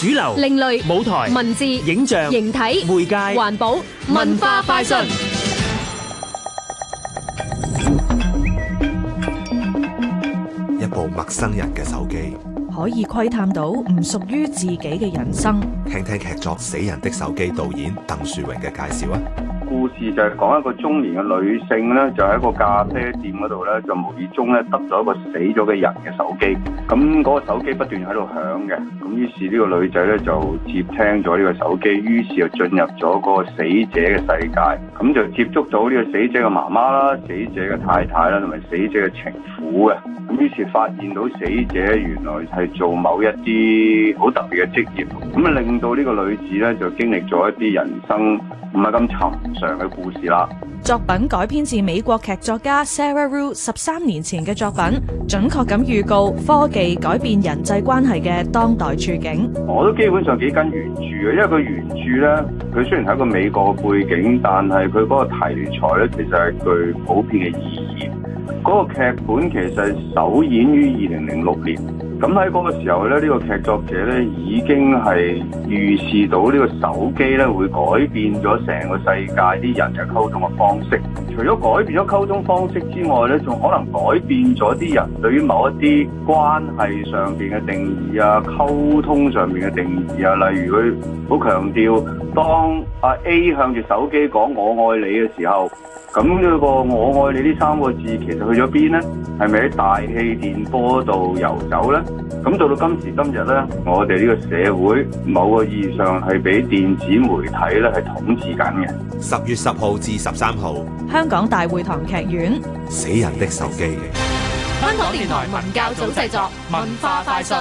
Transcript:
主流、另類舞台、文字、影像、形體、媒介、環保、文化快訊。一部陌生人嘅手機，可以窺探到唔屬於自己嘅人生。聽聽劇作《死人的手機》導演鄧樹榮嘅介紹啊！故事就係講一個中年嘅女性咧，就喺個咖啡店嗰度咧，就無意中咧得咗一個死咗嘅人嘅手機。咁嗰個手機不斷喺度響嘅，咁於是呢個女仔咧就接聽咗呢個手機，於是就進入咗嗰個死者嘅世界。咁就接觸到呢個死者嘅媽媽啦、死者嘅太太啦，同埋死者嘅情婦啊。咁於是發現到死者原來係做某一啲好特別嘅職業，咁啊令到呢個女子咧就經歷咗一啲人生唔係咁沉。嘅故事啦，作品改編自美國劇作家 Sarah Rue 十三年前嘅作品，準確咁預告科技改變人際關係嘅當代處境。我都基本上幾跟著原著嘅，因為佢原著咧，佢雖然係一個美國背景，但係佢嗰個題材咧，其實係具普遍嘅意義。嗰、嗰個劇本其實係首演於二零零六年。咁喺嗰個時候咧，呢個劇作者咧已經係預示到呢個手機咧會改變咗成個世界啲人嘅溝通嘅方式。除咗改變咗溝通方式之外咧，仲可能改變咗啲人對於某一啲關係上邊嘅定義啊、溝通上邊嘅定義啊，例如佢好強調當阿 A 向住手機講我愛你嘅時候，咁呢個我愛你呢三個字其實去咗邊咧？係咪喺大氣電波度游走咧？咁到到今時今日咧，我哋呢個社會某個意義上係俾電子媒體咧係統治緊嘅。十月十號至十三號，香港大會堂劇院，《死人的手機》。香港電台文教組製作，文化快訊。